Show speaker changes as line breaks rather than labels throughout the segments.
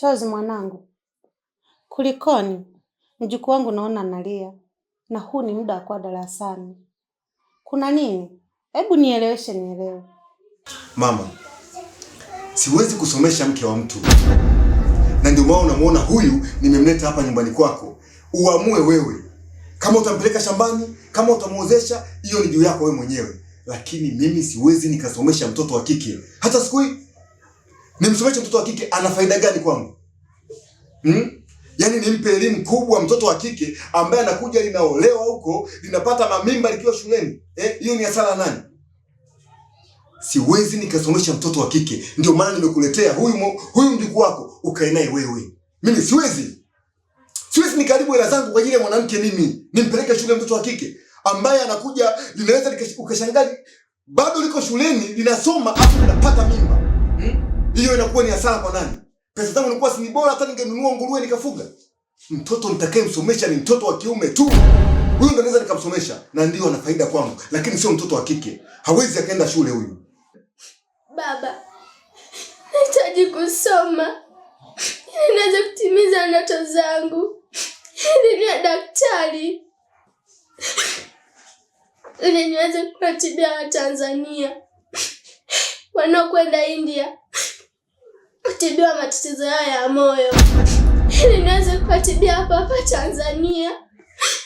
Chozi mwanangu, kulikoni? Mjukuu wangu naona analia, na huu ni muda wa kuwa darasani. Kuna nini? Hebu nieleweshe, nielewe. Mama, siwezi kusomesha mke wa mtu, na ndio maana unamwona huyu nimemleta hapa nyumbani kwako. Uamue wewe kama utampeleka shambani, kama utamwozesha, hiyo ni juu yako wewe mwenyewe, lakini mimi siwezi nikasomesha mtoto wa kike hata siku hii nimsomeshe mtoto wa kike ana faida gani kwangu? Hmm? Yaani nimpe elimu kubwa mtoto wa kike ambaye anakuja linaolewa huko linapata mamimba likiwa shuleni. Eh, hiyo eh, ni hasara nani? Siwezi nikasomesha mtoto wa kike. Ndio maana nimekuletea huyu huyu mjukuu wako ukae naye wewe. Mimi siwezi. Siwezi nikaribu hela zangu kwa ajili ya mwanamke mimi. Nimpeleke shule mtoto wa kike ambaye anakuja linaweza ukashangaa bado liko shuleni linasoma afu linapata mimba. Hmm? hiyo inakuwa ni hasara kwa nani? Pesa zangu nilikuwa si bora hata ningenunua nguruwe nikafuga. Mtoto nitakayemsomesha ni mtoto wa kiume tu. Huyu ndo naweza nikamsomesha na ndio ana faida kwangu, lakini sio mtoto wa kike. Hawezi akaenda shule huyu.
Baba, nahitaji kusoma. niweze kutimiza ndoto zangu. Ili niwe daktari. Ili niweze kuwatibia Watanzania wanaokwenda India kutibiwa matatizo yao ya moyo, ili niweze kuwatibia hapa hapa Tanzania.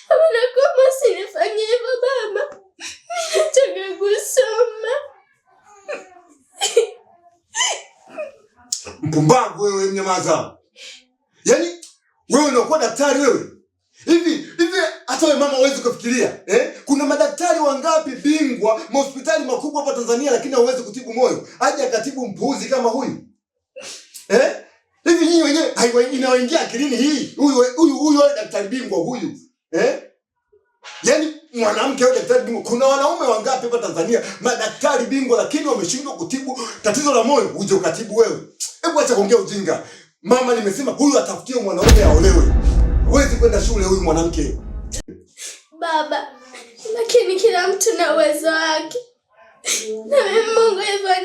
Maana kama usinifanyia hivyo baba, nataka kusoma.
Mpumbavu wewe, mnyamaza! Yaani wewe unakuwa daktari wewe hivi hivi, hata wewe mama huwezi kufikiria eh? Kuna madaktari wangapi bingwa mahospitali makubwa hapa Tanzania, lakini hauwezi kutibu moyo, aje akatibu mpuuzi kama huyu. Eh? Hivi nyinyi wenyewe inawaingia akilini hii? Huyu huyu huyu wale daktari bingwa huyu. Eh? Yaani mwanamke yule daktari bingwa. Kuna wanaume wangapi hapa Tanzania madaktari bingwa lakini wameshindwa kutibu tatizo la moyo, uje ukatibu wewe. Hebu acha kuongea ujinga. Mama nimesema huyu atafutie mwanaume aolewe. Huwezi kwenda shule huyu mwanamke.
Baba, lakini kila mtu na uwezo wake. Na mimi Mungu hivyo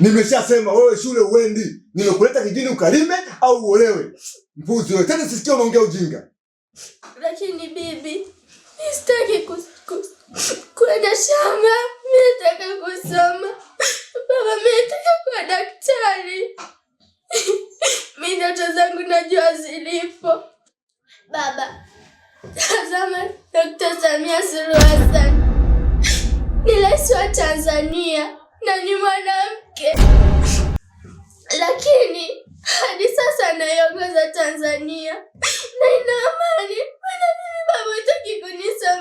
Nimeshasema wewe shule uendi, nimekuleta kijini ukalime au uolewe. Mpuzi wewe, tena sisikia unaongea ujinga.
Lakini bibi, sitaki kwenda shamba, mimi nataka kusoma. Baba, mimi nataka kuwa daktari. Mimi ndoto zangu najua zilipo. Baba, tazama Dr. Samia Suluhu Hassan ni rais wa Tanzania na ni mwanamke, lakini hadi sasa anaiongoza Tanzania na ina amani, maana mimi baba hataki kunisa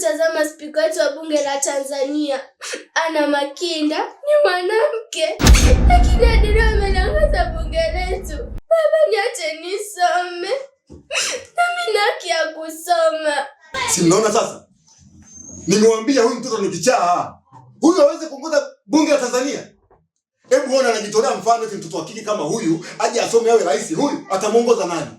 Ukimtazama spika wetu wa bunge la Tanzania ana Makinda ni mwanamke, lakini Adeleo amelangaza bunge letu. Baba, niache nisome, nami na haki ya kusoma.
Si mnaona sasa, nimewambia huyu mtoto ni kichaa, huyu aweze kuongoza bunge la Tanzania. Hebu ona, anajitolea mfano eti mtoto wa kama huyu aje asome awe rais, huyu atamuongoza nani?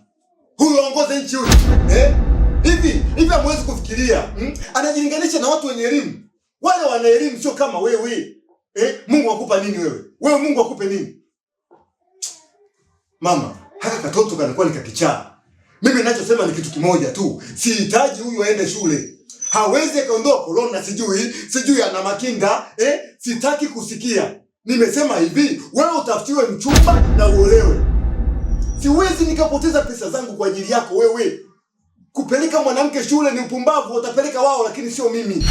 Huyu aongoze nchi huyu eh? hivi hivi, hamwezi kufikiria hmm? Anajilinganisha na watu wenye elimu, wale wana elimu sio kama wewe eh? Mungu akupa nini wewe? Wewe Mungu akupe nini mama? Haka katoto kanakuwa ni kakichaa. Mimi ninachosema ni kitu kimoja tu, sihitaji huyu aende shule hawezi akaondoa korona, sijui sijui ana makinda eh? Sitaki kusikia. Nimesema hivi, wewe utafutiwe mchumba na uolewe. Siwezi nikapoteza pesa zangu kwa ajili yako wewe kupeleka mwanamke shule ni upumbavu, watapeleka wao, lakini sio mimi.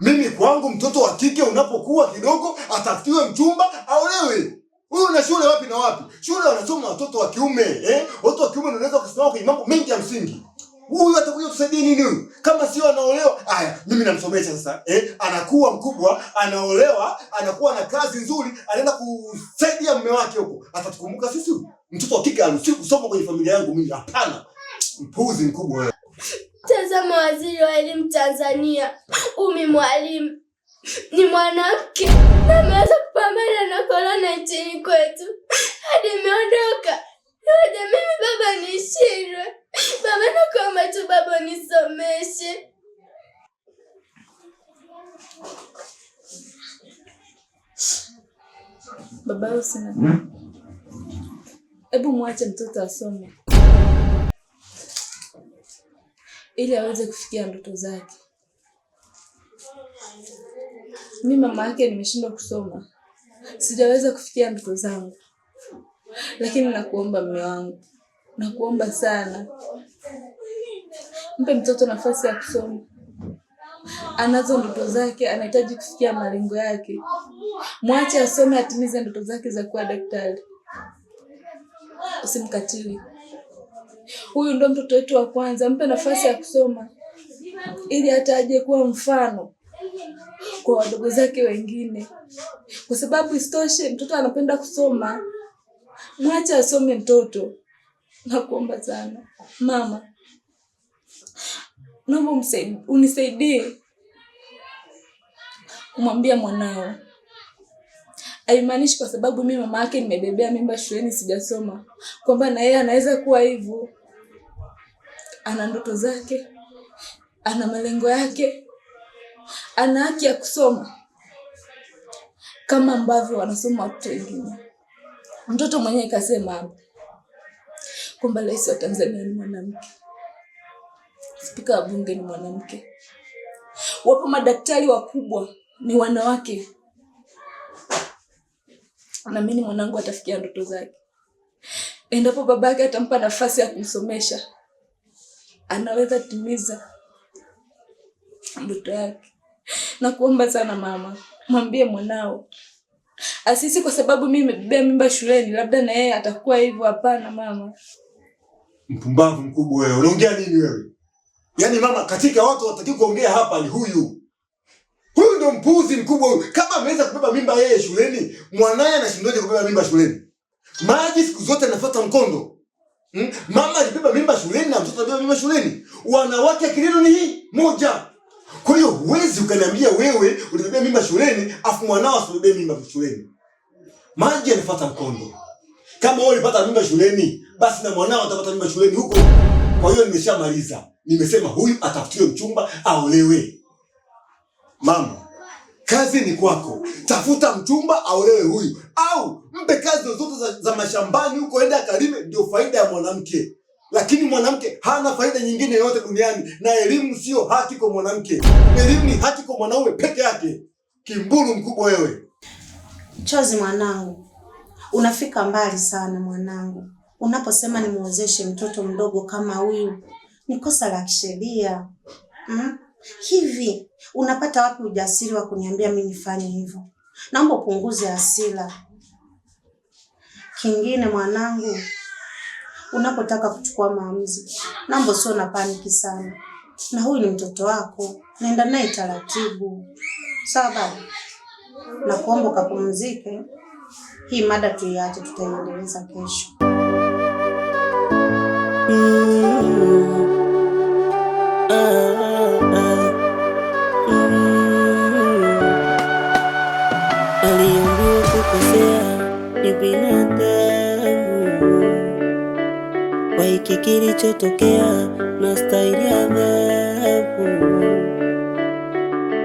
Mimi kwangu mtoto wa kike unapokuwa kidogo atafutiwe mchumba, aolewe. Huyu na shule wapi na wapi? Shule wanasoma watoto wa kiume eh? Watoto wa kiume wanaweza kusimama kwenye mambo mengi ya msingi. Huyu atakuja kusaidia nini huyu? Kama sio anaolewa, haya mimi namsomesha sasa. Eh, anakuwa mkubwa, anaolewa, anakuwa na kazi nzuri, anaenda kusaidia mume wake huko. Atatukumbuka sisi? Mtoto wa kike haruhusiwi kusoma kwenye familia yangu mimi, hapana. Mpuzi mkubwa.
Tazama waziri wa elimu Tanzania, Umi Mwalimu ni mwanamke ameweza kupambana na korona nchini kwetu hadi imeondoka. Oja mimi baba nishindwe, baba nakuomba tu baba nisomeshe.
Baba, hebu hmm? mwache mtoto asome. ili aweze kufikia ndoto zake. Mi mama yake nimeshindwa kusoma, sijaweza kufikia ndoto zangu, lakini nakuomba mme wangu, nakuomba sana, mpe mtoto nafasi ya kusoma. Anazo ndoto zake, anahitaji kufikia malengo yake. Mwache asome, atimize ndoto zake za kuwa daktari. Usimkatili. Huyu ndo mtoto wetu wa kwanza, mpe nafasi ya kusoma ili hata aje kuwa mfano kwa wadogo zake wengine, kwa sababu isitoshe mtoto anapenda kusoma. Mwache asome mtoto. Nakuomba sana mama, naomba unisaidie kumwambia mwanao haimaanishi kwa sababu mimi mama yake nimebebea mimba shuleni sijasoma, kwamba na yeye anaweza kuwa hivyo ana ndoto zake, ana malengo yake, ana haki ya kusoma kama ambavyo wanasoma watoto wengine. Mtoto mwenyewe kasema kwamba rais wa Tanzania ni mwanamke, spika wa bunge ni mwanamke, wapo madaktari wakubwa ni wanawake. Naamini mwanangu atafikia ndoto zake endapo babake atampa nafasi ya kumsomesha anaweza timiza ndoto yake. Nakuomba sana mama, mwambie mwanao Asisi, kwa sababu mimi nimebebea mimba shuleni, labda na yeye atakuwa hivyo. Hapana mama,
mpumbavu mkubwa wewe. Unaongea nini wewe? Yaani mama, katika watu wataki kuongea hapa ni huyu huyu, ndo mpuzi mkubwa huyu. Kama ameweza kubeba mimba yeye shuleni, mwanaye anashindaje kubeba mimba shuleni? Maji siku zote anafuata mkondo Hmm? Mama alibeba mimba shuleni na mtoto alibeba mimba shuleni. Wanawake akilino ni hii moja. Kwa hiyo huwezi ukaniambia wewe ulibeba mimba shuleni afu mwanao asibebe mimba shuleni. Maji yanafuata mkondo. Kama wewe ulipata mimba shuleni, basi na mwanao atapata mimba shuleni huko. Kwa hiyo nimeshamaliza. Nimesema huyu atafutiwe mchumba aolewe. Mama Kazi ni kwako, tafuta mchumba, aolewe huyu, au mpe kazi zozote za, za mashambani huko, enda akalime. Ndio faida ya mwanamke, lakini mwanamke hana faida nyingine yoyote duniani. Na elimu siyo haki kwa mwanamke, elimu ni haki kwa mwanaume peke yake. Kimbulu mkubwa wewe.
Chozi mwanangu, unafika mbali sana mwanangu, unaposema nimwozeshe mtoto mdogo kama huyu, ni kosa la kisheria mm? Hivi unapata wapi ujasiri wa kuniambia mimi nifanye hivyo? Naomba upunguze hasira. Kingine mwanangu, unapotaka kuchukua maamuzi, naomba sio na paniki sana, na huyu ni mtoto wako, naenda naye taratibu, sawa baba? Na kuomba ukapumzike. Hii mada tuiache, tutaiendeleza kesho. kukosea, ni binadamu. Kwa hiki kilichotokea, na stahili adhabu.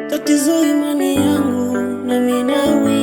Tatizo imani yangu na minawi